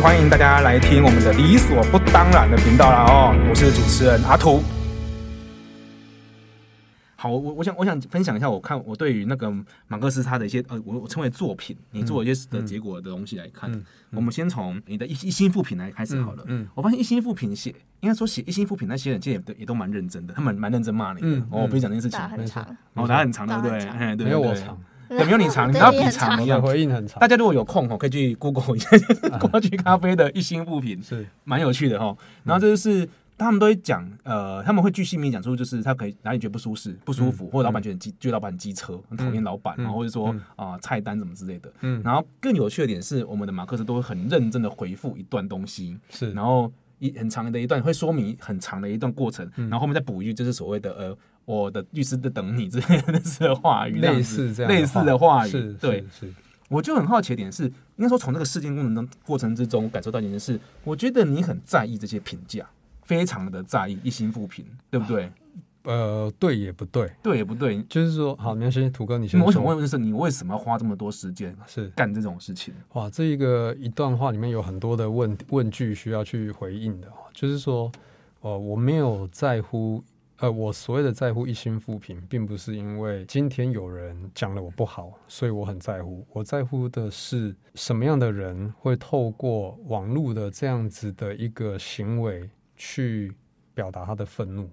歡迎大家來聽我們的理所不當然的頻道了哦，我是主持人阿圖。好，我我想我想分享一下，我看我對於那個馬克思他的一些呃，我我稱為作品，你做一些的結果的東西來看。嗯嗯、我們先從你的一一星負評來開始好了。嗯，嗯我發現一星負評寫，應該說寫一星負評那些人，其實也也都蠻認真的，他們蠻認真罵你的。我不要講這件事情，我、嗯、打、oh, 很長，我打很，很長，對不對？嗯，對，沒我也、嗯、沒有你長，嗯、你要比長的回應很長，大家如果有空哈，可以去 Google 一下、嗯、 蝸居咖啡的一星負評是蠻有趣的哈、哦嗯。然後這、就是他們都會講，呃，他們會據姓名講出，就是他可以哪裡覺得不舒適、不舒服，嗯、或者老闆覺得機，覺、嗯、老闆機車，很討厭老闆，嗯、然後或者說啊、嗯呃、菜單什麼之類的、嗯。然後更有趣的點是，我們的馬克思都會很認真的回覆一段東西，是。然後一很長的一段會說明很長的一段過程，嗯、然後後面再補一句，就是所謂的呃。我的律師在等你之類的話語，類似這樣類似的話語，是是，對，是。是我就很好奇一點是，應該說從這個事件過程中過程之中我感受到一點是，我覺得你很在意這些評價，非常的在意，一星負評，對不對、啊？呃，對也不對，對也不對，就是說，好，沒事，土哥，你先、嗯。我想問的是，問是你為什麼花這麼多時間是幹這種事情？哇，這一個一段話裡面有很多的問問句需要去回應的，就是說，哦、呃，我沒有在乎。呃，我所謂的在乎一星負評，並不是因為今天有人講了我不好，所以我很在乎。我在乎的是什麼樣的人會透過網絡的這樣子的一個行為去表達他的憤怒。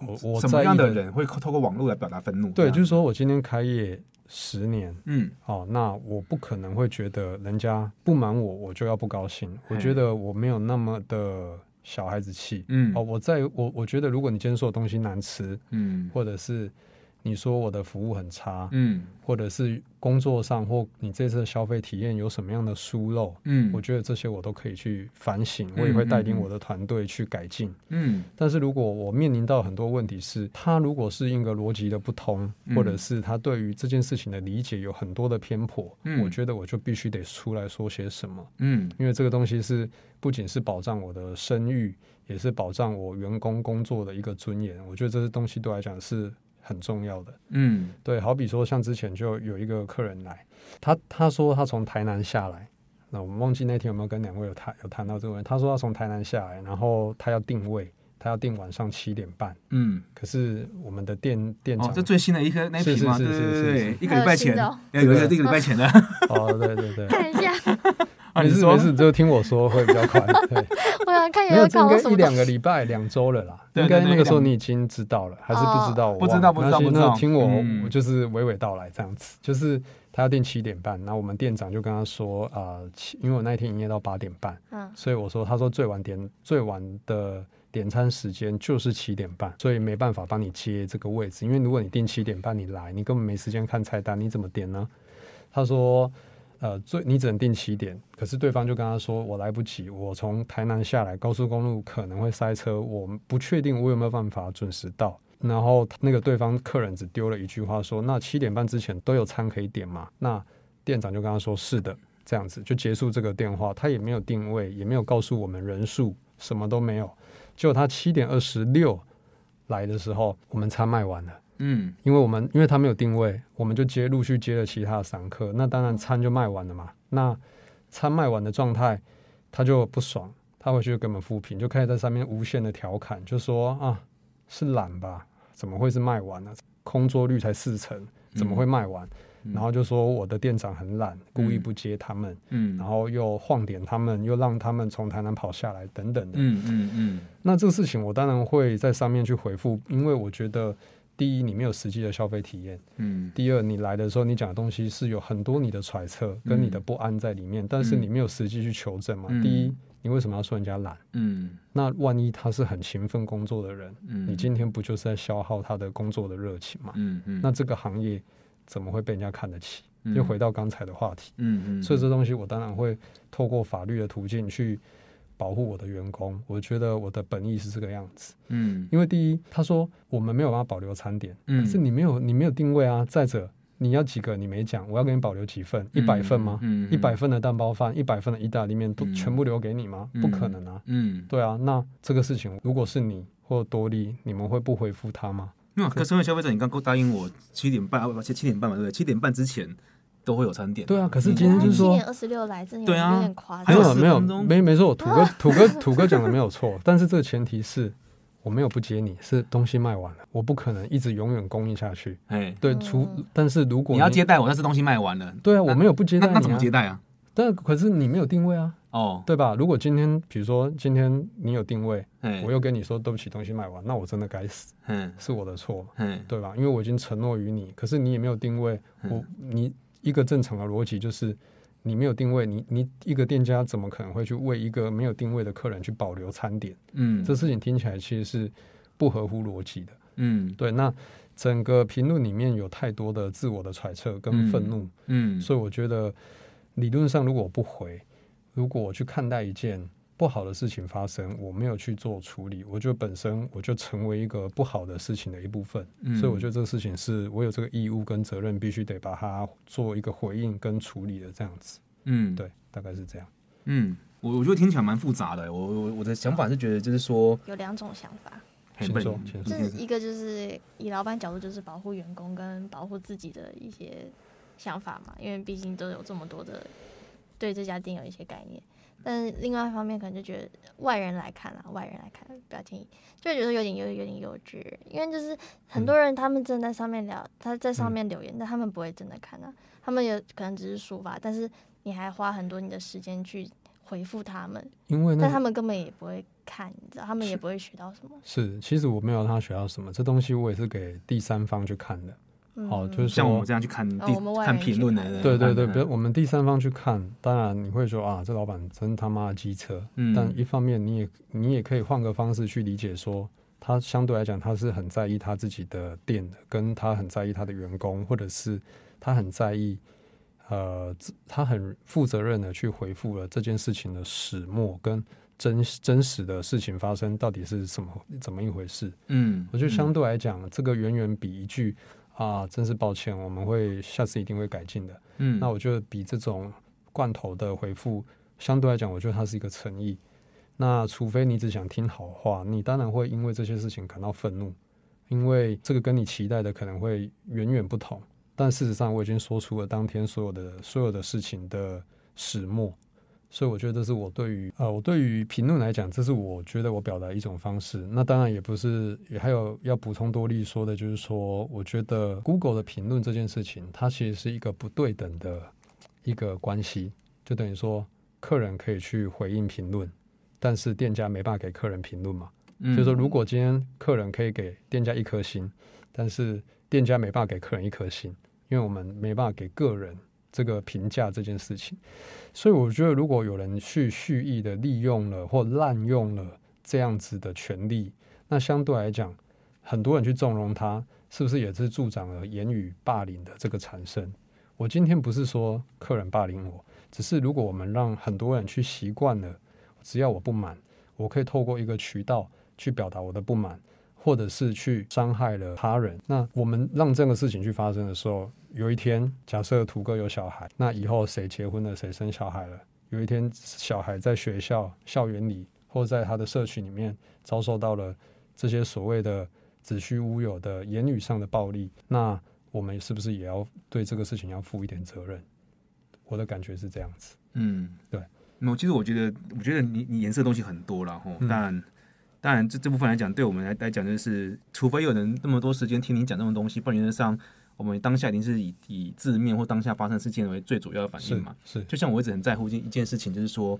我我什麼樣的人會透過網絡來表達憤怒。對，就是說我今天開業十年，嗯，哦，那我不可能會覺得人家不滿我，我就要不高興。我覺得我沒有那麼的。小孩子氣，嗯，哦，我在我我覺得，如果你今天說的東西難吃，嗯，或者是。你說我的服務很差，嗯，或者是工作上或你這次的消費體驗有什麼樣的疏漏，嗯，我覺得這些我都可以去反省，嗯，我也會帶領我的團隊去改進，嗯。但是如果我面臨到很多問題是，他如果是一個邏輯的不通，嗯，或者是他對於這件事情的理解有很多的偏頗，嗯，我覺得我就必須得出來說些什麼，嗯，因為這個東西是不僅是保障我的聲譽，也是保障我員工工作的一個尊嚴。我覺得這些東西對我來講是。很重要的，嗯，對，好比說像之前就有一個客人來，他他說他從台南下來，那我們忘記那天有沒有跟兩位有談有談到這個，他說他從台南下來，然後他要定位，他要定晚上七點半，嗯，可是我們的店店長，這最新的一顆那是嗎？是是是是是是，對對對，一個禮拜前，要有，哦，有一個一個禮拜前的，哦， 哦對，對對對，看一下。沒事沒事，就聽我說會比較快。對，我想看有沒有看，一兩個禮拜兩周了啦，應該那個時候你已經知道了，還是不知道？不知道，我不知道。那，那聽我就是娓娓道來這樣子，就是他要訂七點半，那我們店長就跟他說啊、呃，因為我那一天營業到八點半，嗯，所以我說他說最晚點最晚的點餐時間就是七點半，所以沒辦法幫你接這個位置，因為如果你訂七點半你來，你根本沒時間看菜單，你怎麼點呢？他說。呃，最你只能定七點，可是對方就跟他說：“我來不及，我從台南下來，高速公路可能會塞車，我不確定我有沒有辦法準時到。”然後那個對方客人只丟了一句話說：“那七點半之前都有餐可以點嘛？”那店長就跟他說：“是的，這樣子就結束這個電話，他也沒有定位，也沒有告訴我們人數，什麼都沒有。結果他七點二十六來的時候，我們餐賣完了。”嗯，因為我們因為他沒有定位，我們就接陸續接了其他散客，那當然餐就賣完了嘛。那餐賣完的狀態，他就不爽，他回去就給我們負評，就開始在上面無限的調侃，就說啊是懶吧？怎麼會是賣完呢？空桌率才四成，怎麼會賣完、嗯？然後就說我的店長很懶，故意不接他們。嗯，然後又晃點他們，又讓他們從台南跑下來等等的。嗯嗯嗯。那這個事情我當然會在上面去回復，因為我覺得。第一，你沒有實際的消費體驗。嗯。第二，你來的時候，你講的東西是有很多你的揣測跟你的不安在裡面，嗯、但是你沒有實際去求證嘛。嗯。第一，你為什麼要說人家懶？嗯。那萬一他是很勤奮工作的人、嗯，你今天不就是在消耗他的工作的熱情嘛？嗯嗯。那這個行業怎麼會被人家看得起？又、嗯、回到剛才的話題。嗯。所以這東西，我當然會透過法律的途徑去。保護我的員工，我覺得我的本意是這個樣子。嗯，因為第一，他說我們沒有辦法保留餐點，嗯，可是你沒有，你沒有定位啊。再者，你要幾個，你沒講，我要給你保留幾份，一百份嗎？嗯，一、嗯、百份的蛋包飯，一百份的意大利面都全部留給你嗎？嗯、不可能啊嗯。嗯，對啊，那這個事情如果是你或是多利，你們會不回覆他嗎？那、嗯啊、可是因為消費者，你剛剛答應我七點半，啊、七點半嘛，對不對？七點半之前。都會有餐點、啊，對啊。可是今天就是說，啊，一點二十六來，真的有點誇張。沒有，沒有，沒沒錯。土哥，土哥，哦、土哥講的沒有錯。 但是這個前提是我沒有不接你，是東西賣完了，我不可能一直永遠供應下去。對，除、嗯、但是如果你，你要接待我，但是東西賣完了，對啊，我沒有不接待你、啊。待那，那，那怎麼接待啊？但可是你沒有定位啊，哦，對吧？如果今天比如說今天你有定位，我又跟你說對不起，東西賣完，那我真的該死，是我的錯，對吧？因為我已經承諾於你，可是你也沒有定位，我你。一個正常的邏輯就是，你沒有定位，你你一個店家怎麼可能會去為一個沒有定位的客人去保留餐點？嗯，這事情聽起來其實是不合乎邏輯的。嗯，對。那整個評論裡面有太多的自我的揣測跟憤怒。嗯，嗯，所以我覺得理論上，如果我不回，如果我去看待一件。不好的事情發生，我沒有去做處理，我覺得本身我就成為一個不好的事情的一部分，嗯、所以我覺得這個事情是我有這個義務跟責任，必須得把它做一個回應跟處理的這樣子。嗯，對，大概是這樣。嗯，我我覺得聽起來蠻複雜的。我我的想法是覺得就是說有兩種想法，先，先說，這、就是、一個就是以老闆角度就是保護員工跟保護自己的一些想法嘛，因為畢竟都有這麼多的對這家店有一些概念。但另外一方面，可能就覺得外人來看啊，外人來看啊，不要介意，就會覺得有點有有點幼稚，因為就是很多人他們正在上面聊，嗯、他在上面留言，但他們不會真的看啊，嗯、他們有可能只是抒发，但是你還花很多你的時間去回复他們，因為那個、但他們根本也不會看，你知道，他們也不會學到什麼。是，是其實我沒有讓他學到什麼，這東西我也是給第三方去看的。好，就是像我們這樣去看第、oh, 看評論的人，對對對，比如我們第三方去看，當然你會說啊，這老板真他媽的機車、嗯。但一方面，你也你也可以換個方式去理解說，說他相對來講他是很在意他自己的店，跟他很在意他的員工，或者是他很在意呃，他很負責任的去回復了這件事情的始末跟真真實的事情發生到底是怎麼怎麼一回事。嗯，我覺得相對來講，嗯、這個遠遠比一句。啊，真是抱歉，我們會下次一定會改進的。嗯，那我覺得比這種罐頭的回復相對來講，我覺得它是一個誠意。那除非你只想聽好話，你當然會因為這些事情感到憤怒，因為這個跟你期待的可能會遠遠不同。但事實上，我已經說出了當天所有的所有的事情的始末。所以我覺得這是我對於呃，我對於評論來講，這是我覺得我表達一種方式。那當然也不是，也還有要補充多莉說的，就是說，我覺得 Google 的評論這件事情，它其實是一個不對等的一個關係，就等於說，客人可以去回應評論，但是店家沒辦法給客人評論嘛。嗯，所以說，如果今天客人可以給店家一顆星，但是店家沒辦法給客人一顆星，因為我們沒辦法給個人這個評價這件事情，所以我覺得，如果有人去蓄意的利用了或濫用了這樣子的權利，那相對來講，很多人去縱容他，是不是也是助長了言語霸凌的這個產生？我今天不是說客人霸凌我，只是如果我們讓很多人去習慣了，只要我不滿，我可以透過一個渠道去表達我的不滿。或者是去傷害了他人，那我們讓這個事情去發生的時候，有一天假設圖哥有小孩，那以後誰結婚了，誰生小孩了？有一天小孩在學校、校園裡，或在他的社區裡面，遭受到了這些所謂的子虛烏有的言語上的暴力，那我們是不是也要對這個事情要負一點責任？我的感覺是這樣子，嗯，對。其實我覺得，我覺得你你顏色的東西很多然後但。嗯當然，這這部分來講，對我們來來講，就是除非有人那麼多時間聽你講這種東西，不然原則上，我們當下一定是以以字面或當下發生事件為最主要的反應嘛。是，是就像我一直很在乎一件一件事情，就是說，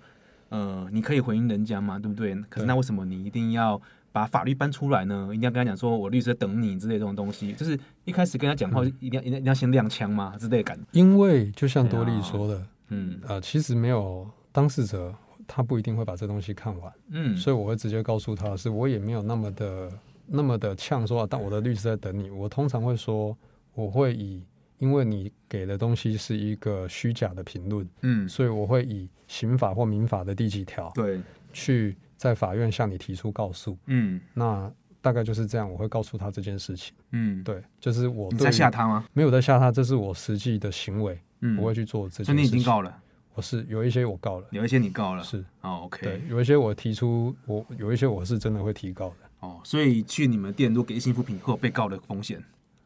呃，你可以回應人家嘛，對不對？可是那為什麼你一定要把法律搬出來呢？一定要跟他講說我律師在等你之類這種東西？就是一開始跟他講話，嗯，一定要一定要先亮槍嘛之類感。因為就像多莉說的，嗯，呃，其實沒有當事者。他不一定會把這東西看完，嗯，所以我會直接告訴他，是我也沒有那麼的那麼的嗆說、啊，但我的律師在等你。我通常會說，我會以因為你給的東西是一個虛假的評論，嗯，所以我會以刑法或民法的第幾條對去在法院向你提出告訴，嗯，那大概就是這樣。我會告訴他這件事情，嗯，對，就是我對你在嚇他嗎？沒有在嚇他，這是我實際的行為，嗯，我會去做這件事情。嗯、那你已經告了。是有一些我告了，有一些你告了，是哦，OK，對，有一些我提出，我有一些我是真的會提告的。哦，所以去你們店都給一星負評，會有被告的風險。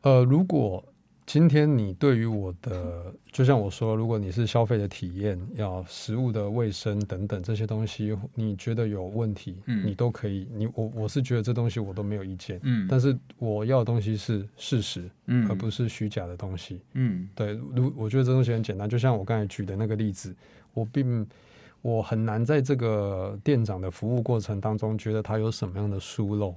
呃，如果。今天你對於我的，就像我說，如果你是消費的體驗，要食物的衛生等等這些東西，你覺得有問題，嗯、你都可以。你我我是覺得這東西我都沒有意見，嗯。但是我要的東西是事實，嗯，而不是虛假的東西，嗯。對，如我覺得這東西很簡單，就像我剛才舉的那個例子，我並我很難在這個店長的服務過程當中覺得他有什麼樣的疏漏。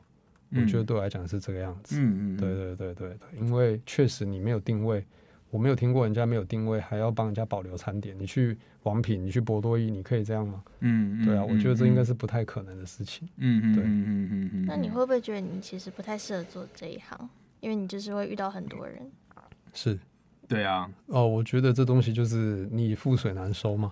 我覺得對我來講是這個樣子，嗯嗯，對對對對，因為確實你沒有定位，我沒有聽過人家沒有定位還要幫人家保留餐點，你去王品，你去薄多義，你可以這樣嗎？嗯，嗯對啊，我覺得這應該是不太可能的事情，嗯對嗯嗯，嗯，嗯。那你會不會覺得你其實不太適合做這一行？因為你就是會遇到很多人，是，對啊，哦，我覺得這東西就是你覆水難收嘛。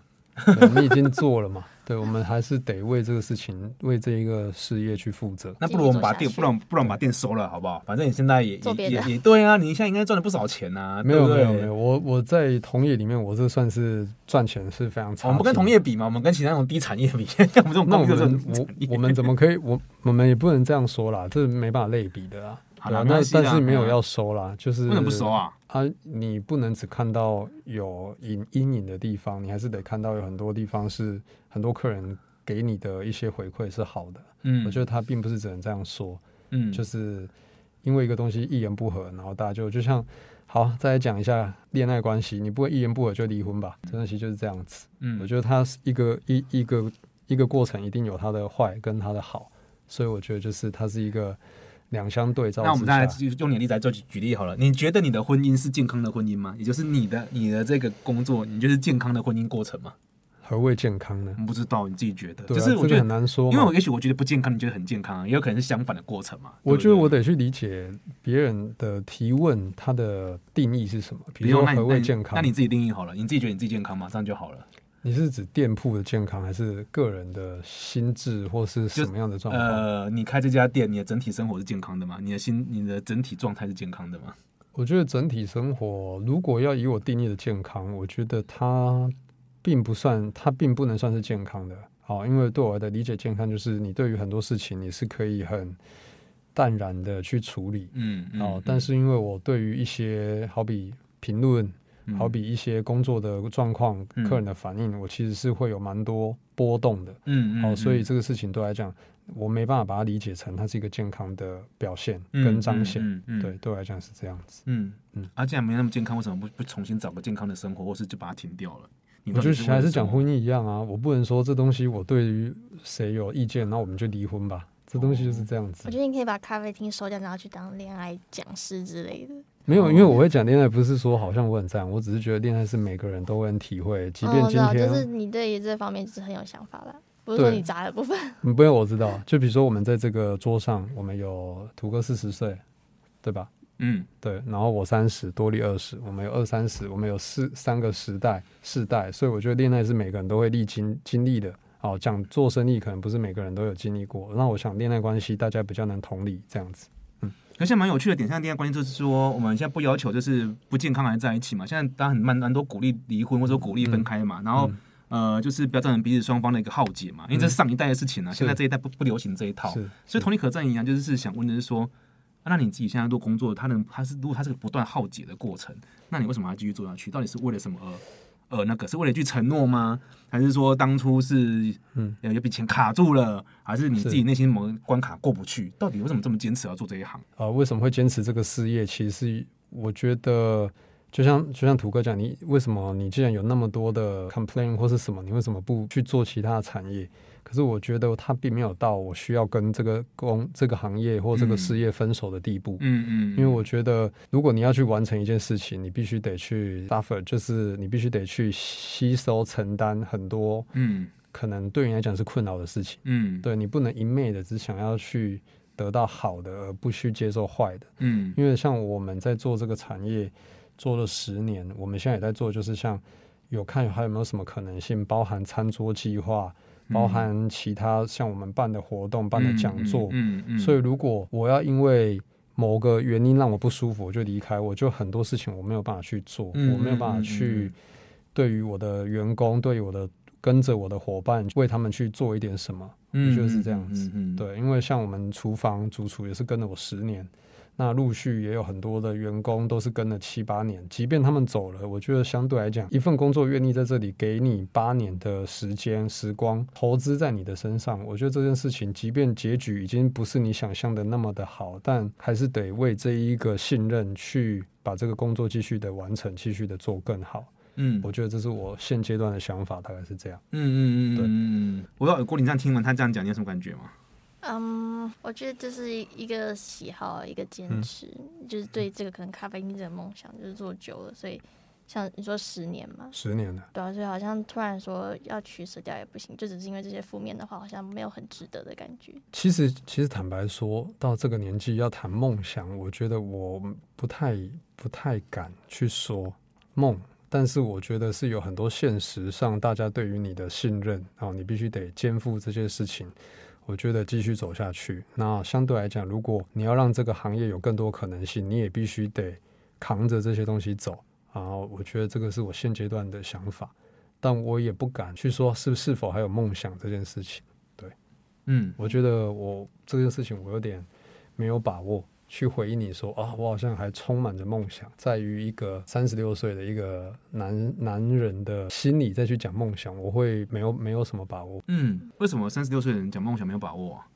我 們已經做了嘛？對，我們還是得為這個事情、為這一個事業去負責。那不如我們把店，不然不然把店收了，好不好？反正你現在也也也也，對啊，你現在應該賺了不少錢啊對對。沒有沒有沒有，我我在同業裡面，我這算是賺錢是非常差。我們不跟同業比嘛？我們跟其他那種低產業比， 我就是那我們我我們怎麼可以？我我們也不能這樣說啦，這沒辦法類比的啊。啊、那 但是沒有要收啦，就是 不能不收啊！啊，你不能只看到有影陰影的地方，你還是得看到有很多地方是很多客人給你的一些回饋是好的。嗯，我覺得他並不是只能這樣說。嗯，就是因為一個東西一言不合，然後大家就就像好再來講一下戀愛關係，你不會一言不合就離婚吧？嗯、這東西就是這樣子。嗯，我覺得它是一個一一個一個過程，一定有它的壞跟它的好，所以我覺得就是它是一個。兩相對照，那我們再來用你的例子來做舉、舉例好了。你覺得你的婚姻是健康的婚姻嗎？也就是你的你的這個工作，你就是健康的婚姻過程嗎？何謂健康呢？不知道，你自己覺得，啊、就是我覺得、這個、很難說，因為我也許我覺得不健康，你覺得很健康，也有可能是相反的過程嘛。對對，我覺得我得去理解別人的提問，他的定義是什麼？比如說何謂健康那？那你自己定義好了，你自己覺得你自己健康嗎？這樣就好了。你是指店鋪的健康，還是個人的心智，或是什麼樣的狀況？呃，你開這家店，你的整體生活是健康的嗎？你的心，你的整體狀態是健康的嗎？我覺得整體生活，如果要以我定義的健康，我覺得它並不算，它並不能算是健康的。好、哦，因為對我的理解，健康就是你對於很多事情你是可以很淡然的去處理。嗯，好、嗯嗯哦，但是因為我對於一些好比評論。嗯、好比一些工作的狀況、嗯、客人的反應，我其實是會有蠻多波動的。嗯、呃、嗯。好，所以這個事情對來講、嗯，我沒辦法把它理解成它是一個健康的表現、嗯、跟彰顯、嗯嗯。對，對我來講是這樣子。嗯嗯。啊，既然沒那麼健康，為什麼不不重新找個健康的生活，或是就把它停掉了？我覺得還是講婚姻一樣啊，我不能說這東西我對於誰有意見，那我們就離婚吧。這東西就是這樣子。哦、我覺得你可以把咖啡廳收掉，然後去當戀愛講師之類的。沒有，因為我會講戀愛，不是說好像我很贊，我只是覺得戀愛是每個人都會很體會。即便今天、哦、知道，就是你對於這方面是很有想法的，不是說你雜的部分。嗯，不用，我知道。就比如說我們在這個桌上，我們有圖哥四十歲，對吧？嗯，對。然後我三十多，莉二十，我們有二三十，我們有四三個時代、世代，所以我覺得戀愛是每個人都會歷經經歷的。好，講做生意可能不是每個人都有經歷過，那我想戀愛關係大家比較能同理這樣子。可是現在蠻有趣的點，像第二關鍵就是說，我們現在不要求就是不健康還在一起嘛。現在大家很蠻蠻多鼓勵離婚或者鼓勵分開嘛。嗯、然後、嗯、呃，就是不要造成彼此雙方的一個耗竭嘛、嗯，因為這是上一代的事情啊，現在這一代不不流行這一套，所以同理可證一樣，就是想問的是說，啊、那你自己現在做工作，他能他是如果他是個不斷耗竭的過程，那你為什麼要繼續做下去？到底是為了什麼？呃，那個是為了一句承諾嗎？還是說當初是嗯、呃、有筆錢卡住了，還是你自己內心某關卡過不去？到底為什麼這麼堅持要做這一行？呃，為什麼會堅持這個事業？其實我覺得就，就像就像圖哥講，你為什麼你既然有那麼多的 complain 或是什麼，你為什麼不去做其他的產業？可是我覺得他並沒有到我需要跟這個工這個行業或這個事業分手的地步。嗯嗯，嗯，因為我覺得如果你要去完成一件事情，你必須得去 suffer，就是你必須得去吸收、承擔很多，嗯，可能對你來講是困擾的事情。嗯，對，你不能一昧的只想要去得到好的，而不去接受壞的。嗯，因為像我們在做這個產業做了十年，我們現在也在做，就是像有看有還有沒有什麼可能性，包含餐桌計劃。包含其他像我們辦的活動、嗯、辦的講座、嗯嗯嗯，所以如果我要因為某個原因讓我不舒服，我就離開，我就很多事情我沒有辦法去做，嗯、我沒有辦法去對於我的員工、嗯嗯嗯、對於我的跟着我的夥伴，為他們去做一點什麼，嗯、就是這樣子、嗯嗯嗯。對，因為像我們廚房主廚也是跟了我十年。那陸續也有很多的員工都是跟了七八年，即便他們走了，我覺得相對來講，一份工作願意在這裡給你八年的時間、時光投資在你的身上，我覺得這件事情，即便結局已經不是你想象的那麼的好，但還是得為這一個信任去把這個工作繼續的完成，繼續的做更好。嗯，我覺得這是我現階段的想法，大概是這樣。嗯嗯嗯，對，嗯嗯，我不知道多莉你這樣聽完他這樣講，你有什麼感覺嗎？嗯、um,，我覺得這是一個喜好，一個堅持、嗯，就是對這個可能咖啡因這個夢想，就是做久了、嗯，所以像你說十年嘛，十年了，對、啊，所以好像突然說要取捨掉也不行，就只是因為這些負面的話，好像沒有很值得的感覺。其實，其實坦白說，到這個年紀要談夢想，我覺得我不太不太敢去說夢，但是我覺得是有很多現實上大家對於你的信任啊，你必須得肩負這些事情。我覺得繼續走下去，那相對來講，如果你要讓這個行業有更多可能性，你也必須得扛着這些東西走。然後我覺得這個是我現階段的想法，但我也不敢去說是不是是否還有夢想這件事情。對，嗯，我覺得我這件事情我有點沒有把握。去回憶，你說啊，我好像還充滿着夢想，在於一個三十六歲的一個男男人的心理再去講夢想，我會沒有沒有什麼把握。嗯，為什麼三十六歲的人講夢想沒有把握啊？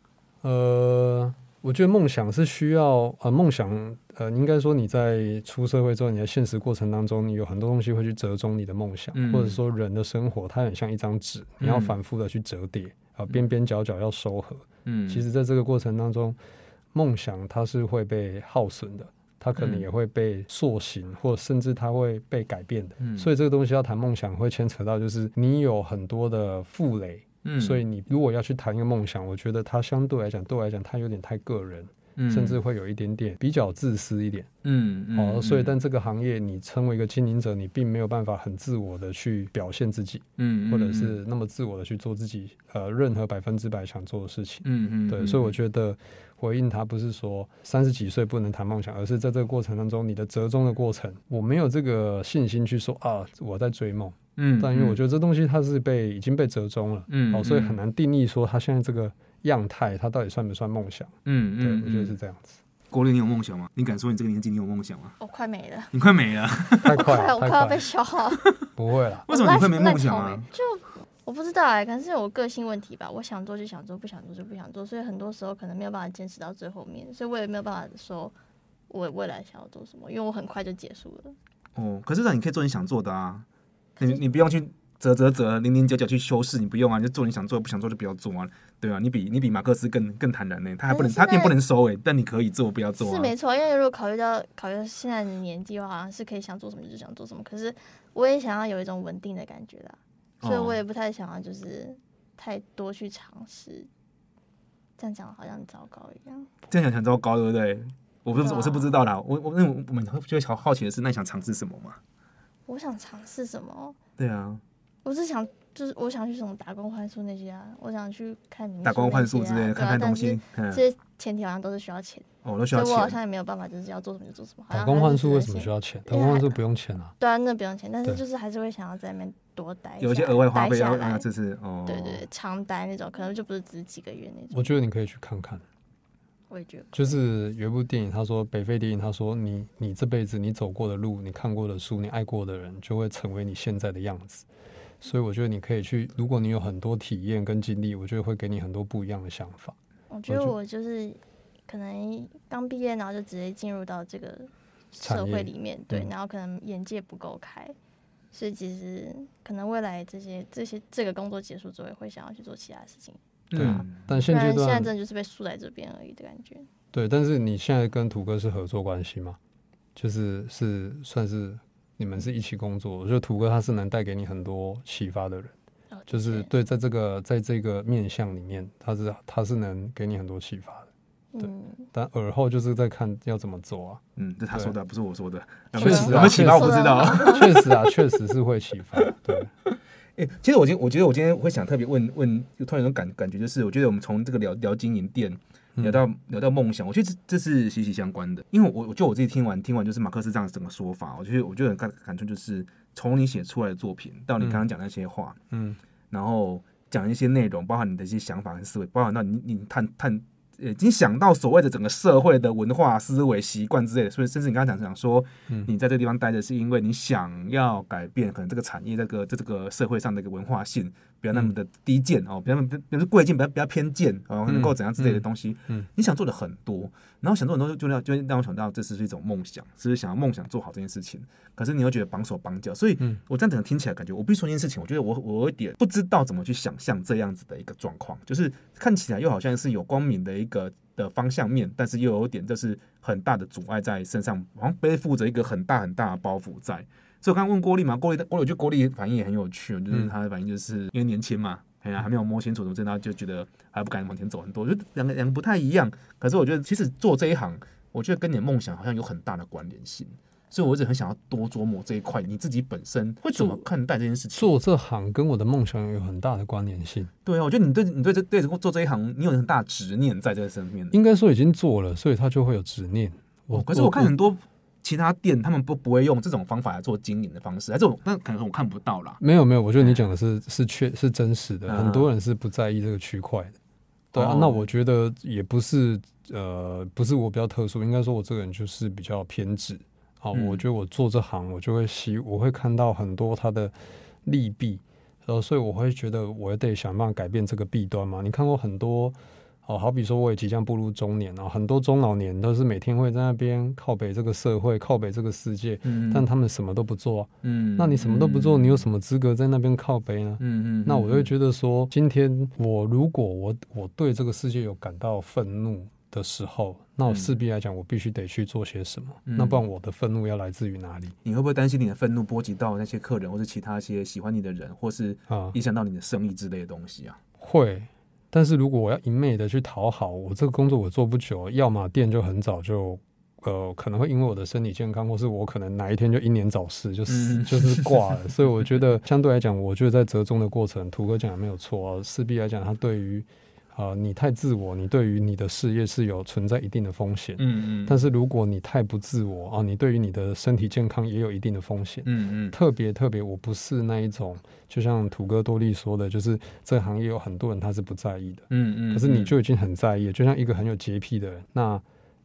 呃，我覺得夢想是需要呃，夢想呃，應該說你在出社會之後，你在現實過程當中，你有很多東西會去折中你的夢想，嗯，或者說人的生活它很像一張紙，你要反覆的去折疊啊，嗯，呃，邊邊角角要收合。嗯，其實在這個過程當中。夢想它是會被耗損的，它可能也會被塑形，嗯、或甚至它會被改變的。嗯、所以這個東西要談夢想，會牽扯到就是你有很多的負累、嗯，所以你如果要去談一個夢想，我覺得它相對來講，對我來講，它有點太個人。甚至會有一點點比較自私一點，嗯好、嗯哦，所以但這個行業，你成為一個經營者，你並沒有辦法很自我的去表現自己，嗯，嗯或者是那麼自我的去做自己呃任何百分之百想做的事情，嗯嗯，嗯，對，所以我覺得回應他不是說三十幾歲不能談夢想，而是在這個過程當中你的折中的過程，我沒有這個信心去說啊我在追夢。嗯，但因為我覺得這東西它是被已經被折中了，嗯，好、哦，所以很難定義說它現在這個樣態它到底算不算夢想？嗯嗯，對嗯，我覺得是這樣子。國立，你有夢想嗎？你敢說你這個年紀你有夢想嗎？我快沒了，你快沒了， 太快了，我快，太快了，我快要被消耗， 不會啦。為什麼你快沒夢想啊？就我不知道哎、欸，可能是我個性問題吧。我想做就想做，不想做就不想做，所以很多時候可能沒有辦法堅持到最後面，所以我也沒有辦法說我未來想要做什麼，因為我很快就結束了。哦，可是呢，你可以做你想做的啊。你你不用去折折折零零九九去修飾，你不用啊，就做你想做，不想做就不要做啊，對啊，你比你比馬克思更更坦然呢、欸，他還不能他並不能收誒、欸。但你可以做不要做、啊，是沒錯，因為如果考慮到考慮到現在的年紀的話，好像是可以想做什麼就想做什麼，可是我也想要有一種穩定的感覺啦，哦、所以我也不太想要就是太多去嘗試，這樣講好像很糟糕一樣，這樣講很糟糕對不對？我不是、啊、我是不知道啦，我我那我們會覺得好好奇的是，那你想嘗試什麼嗎？我想嘗試什麼？對啊，我是想就是我想去什麼打工換宿那些啊，我想去看民宿、啊、打工換宿之類的，對啊、看，看東西。這些、嗯、前提好像都是需要錢哦，都需要錢。所以我好像也沒有辦法，就是要做什麼就做什麼。好像打工換宿為什麼需要錢？打工換宿不用錢啊。對，對啊，那不用錢，但是就是還是會想要在那邊多待下來。有一些額外花費啊、就是，這是哦。對，對對，長待那種可能就不是只幾個月那種。我覺得你可以去看看。我也覺得，就是有一部電影，他說北非電影，他說你你這輩子你走過的路，你看過的書，你愛過的人，就會成為你現在的樣子。所以我覺得你可以去，如果你有很多體驗跟經歷，我覺得會給你很多不一樣的想法。我覺得我就是我就可能剛畢業，然後就直接進入到這個社會裡面，對、嗯，然後可能眼界不夠開，所以其實可能未來這些這些這個工作結束之後，也會想要去做其他事情。嗯、對，但現階段，現在現真的就是被束在這邊而已的感覺。對，但是你現在跟圖哥是合作關係嘛？就是是算是你們是一起工作。我覺得圖哥他是能帶給你很多啟發的人，嗯、就是對在、這個，在這個在這個面向裡面，他是他是能給你很多啟發的。對，嗯、但而後就是在看要怎麼做啊。對嗯，這他說的，不是我說的。確實啊，啟發，我不知道。確實啊，確實是會啟發。對。哎、欸，其實我今我覺得我今天會想特別問問，問就突然有種感感覺，就是我覺得我們從這個聊聊經營店，聊到聊到夢想，我覺得這是息息相關的，因為我，我就我自己聽完聽完，就是馬克思這樣整個說法，我覺得我覺得感感觸，就是從你寫出來的作品到你剛剛講那些話，嗯，然後講一些內容，包含你的一些想法和思維，包含到你你探探。已經想到所謂的整個社會的文化思維習慣之類的，所以甚至你剛才講講說，你在這個地方待着，是因為你想要改變，可能這個產業、這個這個社會上的一個文化性。比、嗯、較那麼的低賤哦，比較比較貴賤，比較偏見哦。嗯、能夠怎樣之類的東西，嗯嗯、你想做的很多，然後想做很多，就讓就讓我想到，這是一種夢想，是，是想要夢想做好這件事情。可是你又覺得綁手綁腳，所以，我這樣子能聽起來，感覺我必須說一件事情，我覺得我我有一點不知道怎麼去想象這樣子的一個狀況，就是看起來又好像是有光明的一個的方向面，但是又有點就是很大的阻礙在身上，好像背負着一個很大很大的包袱在。所以我剛，剛問郭力嘛，郭力，郭力我覺得郭力反應也很有趣，就是他的反應就是、嗯、因為年輕嘛，哎呀、啊、還沒有摸清楚什麼，所以他就覺得還不敢往前走很多。我覺得兩個兩個不太一樣，可是我覺得其實做這一行，我覺得跟你的夢想好像有很大的關聯性。所以我一直很想要多琢磨這一塊，你自己本身會怎麼看待這件事情？做這行跟我的夢想有很大的關聯性。對啊，我覺得你對你對這對做這一行，你有很大的執念在這個方面。應該說已經做了，所以他就會有執念。我、哦，可是我看很多。其他店他們不不會用這種方法來做經營的方式，啊，這種那可能我看不到啦。沒有沒有，我覺得你講的是、嗯、是確是真實的，很多人是不在意這個區塊的。嗯、對啊、哦，那我覺得也不是呃，不是我比較特殊，應該說我這個人就是比較偏執啊、哦嗯。我覺得我做這行，我就會吸，我會看到很多他的利弊，然、呃、後所以我會覺得我得想辦法改變這個弊端嘛。你看過很多。哦，好比說，我也即將步入中年了，很多中老年都是每天會在那邊靠北這個社會，靠北這個世界，嗯，但他們什麼都不做、啊，嗯，那你什麼都不做，你有什麼資格在那邊靠北呢？嗯嗯，那我會覺得說，今天我如果我我對這個世界有感到憤怒的時候，那我勢必來講，我必須得去做些什麼、嗯，那不然我的憤怒要來自於哪裡？你會不會擔心你的憤怒波及到那些客人，或者其他一些喜歡你的人，或是啊，影響到你的生意之類的東西啊？啊會。但是如果我要一昧的去討好，我這個工作我做不久，要麼店就很早就，呃，可能會因為我的身體健康，或是我可能哪一天就英年早逝，就死，就是掛了。 所以我覺得相對來講，我覺得在折中的過程，圖哥講的沒有錯啊。勢必來講，他對於。啊、呃，你太自我，你對於你的事業是有存在一定的風險。嗯嗯。但是如果你太不自我啊、呃，你對於你的身體健康也有一定的風險。嗯嗯。特別特別，我不是那一種，就像土哥多莉說的，就是這行業有很多人他是不在意的。嗯嗯，嗯。可是你就已經很在意，就像一個很有潔癖的人，那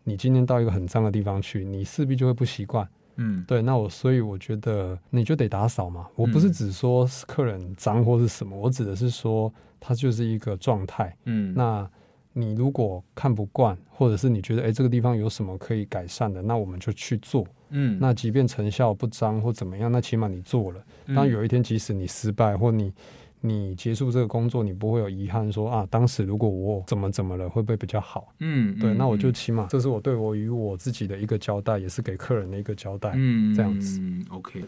你今天到一個很髒的地方去，你勢必就會不習慣。嗯，對，那我所以我覺得你就得打掃嘛。我不是只說客人髒或是什麼、嗯，我指的是說它就是一個狀態。嗯，那你如果看不慣，或者是你覺得誒這個地方有什麼可以改善的，那我們就去做。嗯，那即便成效不彰或怎麼樣，那起碼你做了。當然有一天，即使你失敗或你。你結束這個工作，你不會有遺憾說，說啊，當時如果我怎麼怎麼了，會不會比較好？嗯，對，嗯、那我就起碼，這是我對我與我自己的一個交代，也是給客人的一個交代。嗯，這樣子，OK。